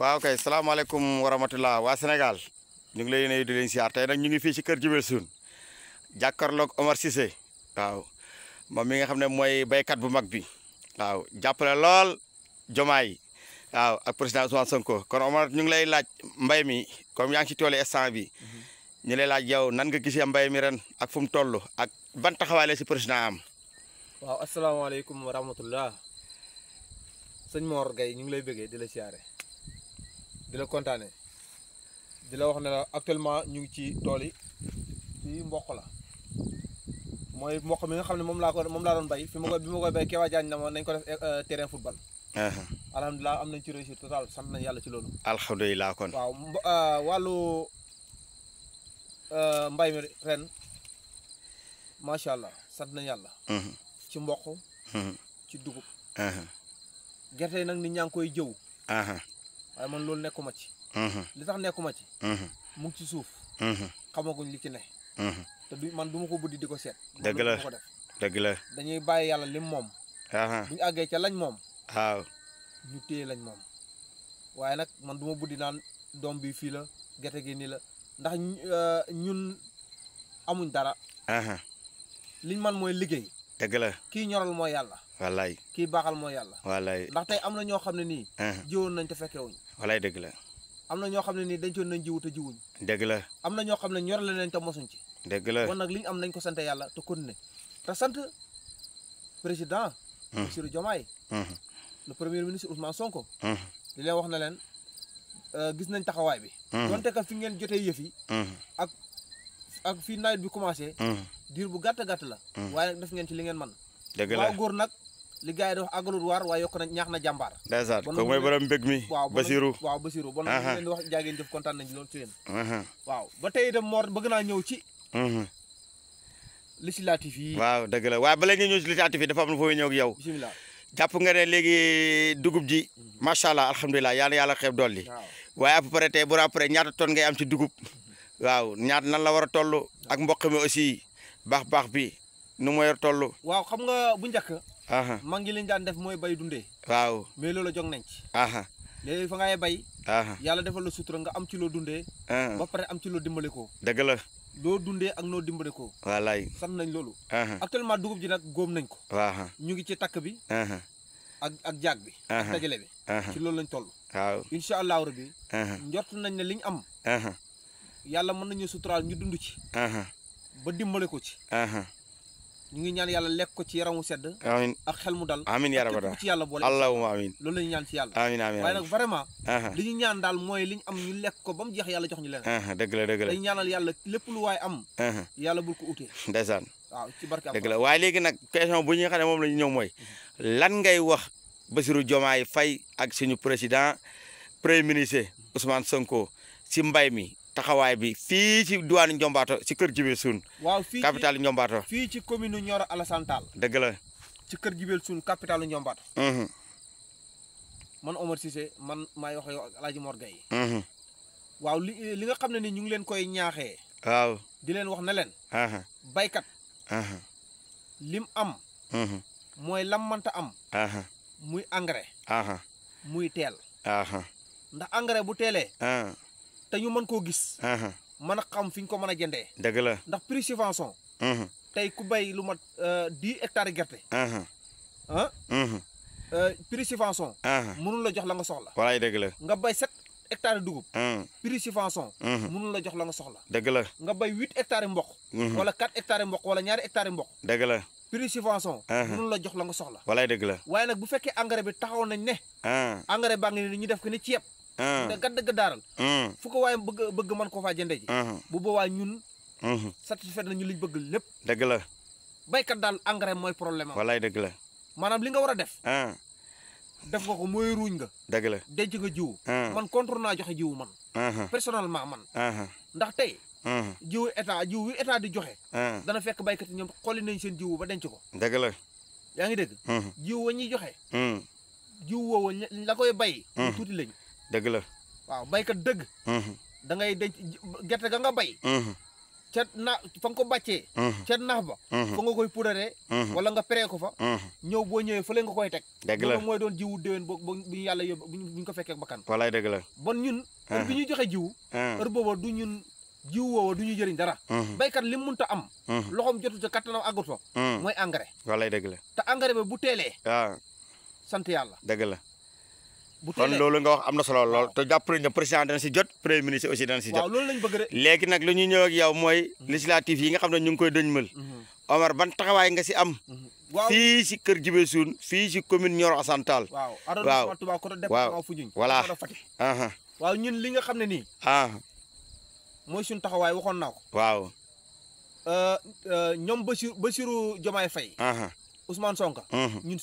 waaw kay salaamaaleykum wa rahmatullah waa Sénégal ñu ngi lay nuyu di leen siyaar tey nag ñu ngi fii ci kër Djibril Sune jàkkaarloog Omar Cissé waaw moom mi nga xam ne mooy béykat bu mag bi waaw jàppale lool Jomaay waaw ak président Ousmane Sonko kon Omar ñu ngi lay laaj mbay mi comme yaa ngi ci toolu instant bi ñu lay laaj yow nan nga gisee mbay mi ren ak fu mu toll ak ban taxawaay la si président am. waaw asalaamaaleykum wa rahmatullah sëñ moor Gueye ñu ngi lay bëggee di la di la kontaane di la wax ne la actuellement ñu ngi ci tool yi ci mboq la mooy mboq mi nga xam ne moom laa ko moom laa doon bay fi ma koy bi ma na ma nañ ko def eh, euh, terrain football. alhamdulilah am nañ ci réussite totale sant nañ yàlla ci loolu. alhamdulilah kon. waaw euh, wàllu euh, mbay mi ren macha allah sant nañ yàlla. ci mboq. ci dugub. gerte yi nag nit ñaa ngi koy jëw. man loolu nekkuma ci. Mhm. li tax nekkuma ci. Mhm. mu ngi ci suuf. Mhm. xamaguñ li ci ne. te du man du ma ko buddi di ko seet. dëgg la ko def dëgg la. dañuy bàyyi yàlla lim moom. bu ñu àggee ca lañ moom. waaw ñu téye lañ moom. waaye nag man du ma buddi naan doom bi fii la gerte gi nii la ndax euh, ñun amuñ dara. liñ man mooy liggéey. dëgg la kii ñoral mooy yàlla. wallaay kii baaxal mooy yàlla. wallaay ndax tey am na ñoo xam ne nii. jiwoon nañ te fekkewuñ walaay dëgg la. am na ñoo xam ne nii dencoon nañ jiwu te jiwuñ. dëgg la am na ñoo xam ne ñor la leen ta mosuñ ci. dëgg la li ñu am nañ ko sant yàlla te continuer te sant président. Hmm. Bassirou Diomaye. Hmm. le premier ministre Ousmane Sonko. di hmm. leen wax na leen euh, gis nañ taxawaay bi. donte ka fi ngeen jotee yëf yi. ak ak fii nawet bi commencé. diir bu gàtt gàtt la. waaye nag def ngeen ci li ngeen man dëgg la nag li gars yi di wax àggalul waar waaye yokk na ñaax na jàmbaar ndeysaan ko mooy borom mbég mi Basiru Basiru ba tey itam Mor bëgg naa ñëw ci mhm. législatif yi waaw dëgg la waaw bala nga ñëw ci législatif yi dafa am na foofu ñëw ak yow bisimilah jàpp nga ne léegi dugub ji mhm. macha allah alhamdulilah yàlla yàlla xeeb dolli waaye à peu près tey bu après ñaata tonne nga am ci dugub mhm. waaw ñaata nan la war a toll ak mboq mi aussi baax baax bi nu mu war waaw xam nga bu njëkk mag ñi li ñu daan def mooy bay dundee waaw mais loolu jog nañ ci léegi fa ngay bay yàlla defal la sutura nga am ci loo dundee ba pare am ci loo dimbali ko dëgg la loo dundee ak noo dimbale ko wallaay sant nañ loolu actuellement dugub ji nag góom nañ ko waaw ñu ngi ci takk bi ak ak jaag bi ak dajale bi ci loolu lañ toll waaw allah allahu rabbi njort nañ ne liñ am yàlla mën nañu suturaal ñu dund ci ba dimbale ko ci ñu ngi ñaan yàlla lekk ko ci yaramu sedd amin ak xel mu dal amin yaa rabbi ci yàlla boole allahumma amin loolu la ñu ñaan ci yàlla amin amin nag vraiment li ñu ñaan daal mooy li ñu am ñu lekk ko ba mu jeex yàlla jox ñu leneen dëgg la dëgg la dañu ñaanal yàlla lépp lu waaye am yàlla bul ko utee ndeysaan waaw ci barke dëgg la waaye léegi nag question bu ñuy xam ne moom la ñu ñëw mooy lan ngay wax Bassirou Diomaye Faye ak suñu président premier ministre Ousmane Sonko si mbay mi taxawaay bi fii ci diwaanu Ndiombato si kër Jibel Suun. waaw fii ci capitale Ndiombato. fii ci commune Nioro Alassane Tall. dëgg la. ci kër Jibel Suun capitale Ndiombato. Mhm. man Omar Cissé man maay wax yow ak El mhm. waaw li li nga xam ne ni ñu ngi leen koy ñaaxee. waaw di leen wax ne leen. baykat. lim am. Mhm. mooy lam mënta am. muy engrais. muy teel. ndax engrais bu teelee. Ah. te ñu mën koo gis. mën a xam fi ñu ko mën a jëndee. dëgg la ndax prix subvention. tey ku bay lu mat euh, di hectares gerte. ah. prix subvention. mënul la jox la nga soxla. walaay dëgg la nga bay sept hectares dugub. prix subvention. mënul la jox la nga soxla. dëgg la nga bay huit hectares mboq. wala quatre hectares mboq wala ñaari hectares mboq. dëgg la. prix subvention. mënul la jox la nga soxla. walaay dëgg la waaye nag bu fekkee engrais bi taxaw nañ ne. engrais baa ngi ni ñu def ko ni ceeb. da gàdd daaral hmm. fu ko waaye bëgg bëgg mën koo faa jënde ji hmm. bu boobaa ñun hmm. satisfait nañu liñ bëgg lépp dëgg la baykat daal engrais mooy problème am walaay dëgg la maanaam li nga war a def def nga ko mooy ruuñ nga dëgg la denc nga jiw man contre naa joxe jiw man personnellement man ndax tey jiw état jiw wi état di joxe dana fekk baykat yi ñoom xooli nañ seen jiw ba denc ko dëgg la yaa ngi dégg jiw wa ñuy joxe jiw woowu la koy bay tuuti lañ dëgg la waaw baykat dëgg mhm. da ngay denc gerte ga nga bay mhm. ca na fa ko bàccee mhm. ca nax ba fa nga koy pudaree wala nga peree ko fa ñëw boo ñëwee fële nga koy teg dëgg la mooy doon jiwu déwén ba bu ñu yàlla yóbbu bu ñu ko fekkee bakkan walaay dëgg la ñun ñuy joxe jiwu booba du ñun jiw woowa du ñu jëriñ dara béykat li mu munta am loxoom jotu ca kattanam àggut fa mooy engrais walaay dëgg la te engrais bi bu teelee ah. sant yàlla dëgg la bu kon loolu nga wax am na solo lool te jàpp nañu ne président dana si jot premier ministre aussi dana si jot. waaw loolu lañ bëgg rek. léegi nag lu ñuy ñëw ak mooy législative yi nga xam ne ñu ngi koy dëñmal. Mhm. Omar ban taxawaay nga si am. Mhm. waaw fii si Kër Jibe Suun fii si commune Nioro Assane Tall. waaw arrondissement Touba côté département ñun li nga xam ne nii. ah. mooy suñu taxawaay waxoon naa ko. waaw. Euh, euh, ñoom Bassirou Bassirou Diomaye Faye. Ousmane mhm.